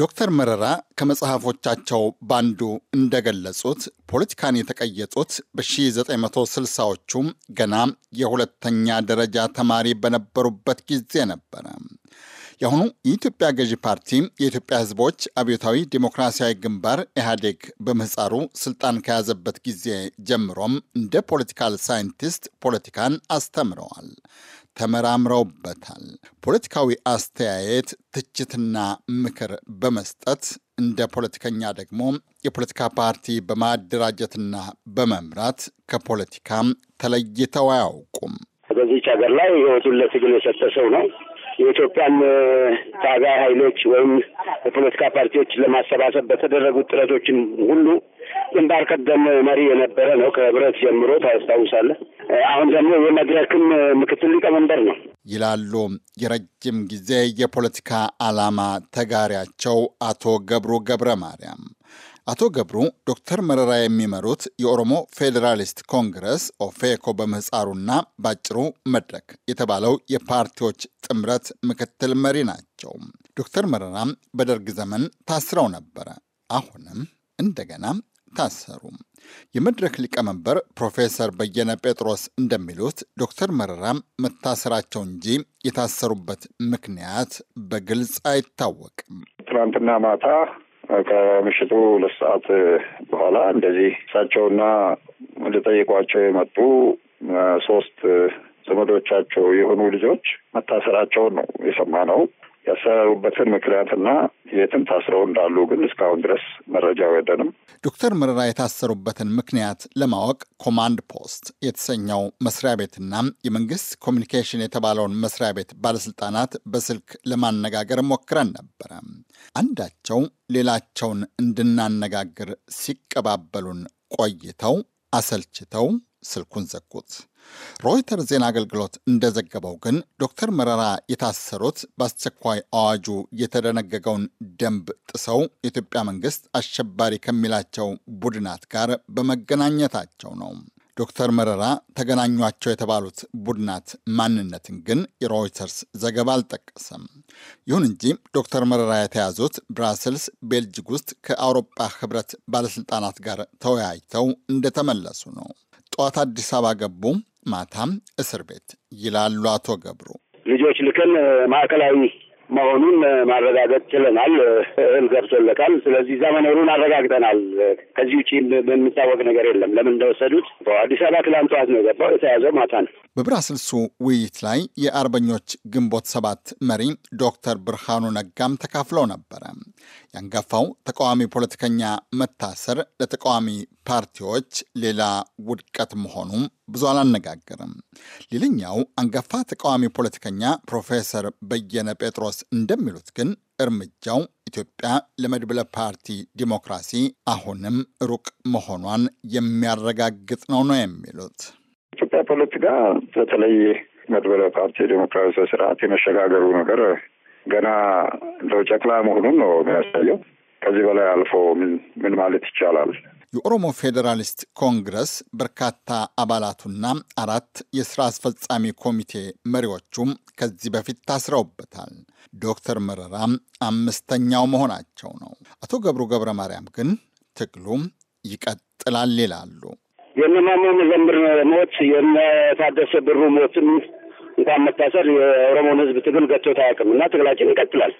ዶክተር መረራ ከመጽሐፎቻቸው ባንዱ እንደገለጹት ፖለቲካን የተቀየጡት በ1960ዎቹ ገና የሁለተኛ ደረጃ ተማሪ በነበሩበት ጊዜ ነበረ። የአሁኑ የኢትዮጵያ ገዢ ፓርቲ የኢትዮጵያ ሕዝቦች አብዮታዊ ዴሞክራሲያዊ ግንባር ኢህአዴግ በምህፃሩ ስልጣን ከያዘበት ጊዜ ጀምሮም እንደ ፖለቲካል ሳይንቲስት ፖለቲካን አስተምረዋል። ተመራምረውበታል። ፖለቲካዊ አስተያየት፣ ትችትና ምክር በመስጠት እንደ ፖለቲከኛ ደግሞ የፖለቲካ ፓርቲ በማደራጀትና በመምራት ከፖለቲካ ተለይተው አያውቁም። በዚች ሀገር ላይ ህይወቱን ለትግል የሰጠ ሰው ነው። የኢትዮጵያን ታጋይ ኃይሎች ወይም የፖለቲካ ፓርቲዎች ለማሰባሰብ በተደረጉት ጥረቶችን ሁሉ ግንባር ቀደም መሪ የነበረ ነው። ከህብረት ጀምሮ ታስታውሳለህ። አሁን ደግሞ የመድረክም ምክትል ሊቀመንበር ነው ይላሉ የረጅም ጊዜ የፖለቲካ ዓላማ ተጋሪያቸው አቶ ገብሩ ገብረ ማርያም። አቶ ገብሩ ዶክተር መረራ የሚመሩት የኦሮሞ ፌዴራሊስት ኮንግረስ ኦፌኮ በምህፃሩና ባጭሩ መድረክ የተባለው የፓርቲዎች ጥምረት ምክትል መሪ ናቸው። ዶክተር መረራም በደርግ ዘመን ታስረው ነበረ። አሁንም እንደገና ታሰሩ። የመድረክ ሊቀመንበር ፕሮፌሰር በየነ ጴጥሮስ እንደሚሉት ዶክተር መረራም መታሰራቸው እንጂ የታሰሩበት ምክንያት በግልጽ አይታወቅም። ትናንትና ማታ ከምሽቱ ሁለት ሰዓት በኋላ እንደዚህ እሳቸውና ልጠይቋቸው የመጡ ሶስት ዘመዶቻቸው የሆኑ ልጆች መታሰራቸውን ነው ነው። ያሰሩበትን ምክንያትና የትም ታስረው እንዳሉ ግን እስካሁን ድረስ መረጃው የለንም። ዶክተር መረራ የታሰሩበትን ምክንያት ለማወቅ ኮማንድ ፖስት የተሰኘው መስሪያ ቤትና የመንግስት ኮሚኒኬሽን የተባለውን መስሪያ ቤት ባለስልጣናት በስልክ ለማነጋገር ሞክረን ነበረ። አንዳቸው ሌላቸውን እንድናነጋግር ሲቀባበሉን ቆይተው አሰልችተው ስልኩን ዘጉት። ሮይተር ዜና አገልግሎት እንደዘገበው ግን ዶክተር መረራ የታሰሩት በአስቸኳይ አዋጁ የተደነገገውን ደንብ ጥሰው የኢትዮጵያ መንግስት አሸባሪ ከሚላቸው ቡድናት ጋር በመገናኘታቸው ነው። ዶክተር መረራ ተገናኟቸው የተባሉት ቡድናት ማንነትን ግን የሮይተርስ ዘገባ አልጠቀሰም። ይሁን እንጂ ዶክተር መረራ የተያዙት ብራስልስ፣ ቤልጅግ ውስጥ ከአውሮፓ ህብረት ባለስልጣናት ጋር ተወያይተው እንደተመለሱ ነው። ጠዋት አዲስ አበባ ገቡ። ማታም እስር ቤት ይላሉ አቶ ገብሩ። ልጆች ልከን ማዕከላዊ መሆኑን ማረጋገጥ ችለናል። እህል ገብቶለታል። ስለዚህ እዛ መኖሩን አረጋግጠናል። ከዚህ ውጭ የሚታወቅ ነገር የለም። ለምን እንደወሰዱት አዲስ አበባ ትላንት ጠዋት ነው የገባው። የተያዘው ማታ ነው። በብራስልሱ ውይይት ላይ የአርበኞች ግንቦት ሰባት መሪ ዶክተር ብርሃኑ ነጋም ተካፍለው ነበረ። ያንጋፋው ተቃዋሚ ፖለቲከኛ መታሰር ለተቃዋሚ ፓርቲዎች ሌላ ውድቀት መሆኑም ብዙ አላነጋገርም። ሌላኛው አንጋፋ ተቃዋሚ ፖለቲከኛ ፕሮፌሰር በየነ ጴጥሮስ እንደሚሉት ግን እርምጃው ኢትዮጵያ ለመድብለ ፓርቲ ዲሞክራሲ አሁንም ሩቅ መሆኗን የሚያረጋግጥ ነው ነው የሚሉት። ኢትዮጵያ ፖለቲካ በተለይ መድበለ ፓርቲ ዲሞክራሲ ስርዓት የመሸጋገሩ ነገር ገና እንደው ጨቅላ መሆኑን ነው የሚያሳየው። ከዚህ በላይ አልፎ ምን ማለት ይቻላል? የኦሮሞ ፌዴራሊስት ኮንግረስ በርካታ አባላቱና አራት የስራ አስፈጻሚ ኮሚቴ መሪዎቹም ከዚህ በፊት ታስረውበታል። ዶክተር መረራም አምስተኛው መሆናቸው ነው። አቶ ገብሩ ገብረ ማርያም ግን ትግሉም ይቀጥላል ይላሉ። የእነ መዘምር ሞት የነታደሰ ብሩ ሞትም እንኳን መታሰር የኦሮሞን ህዝብ ትግል ገቶት አያውቅም እና ትግላችን ይቀጥላል።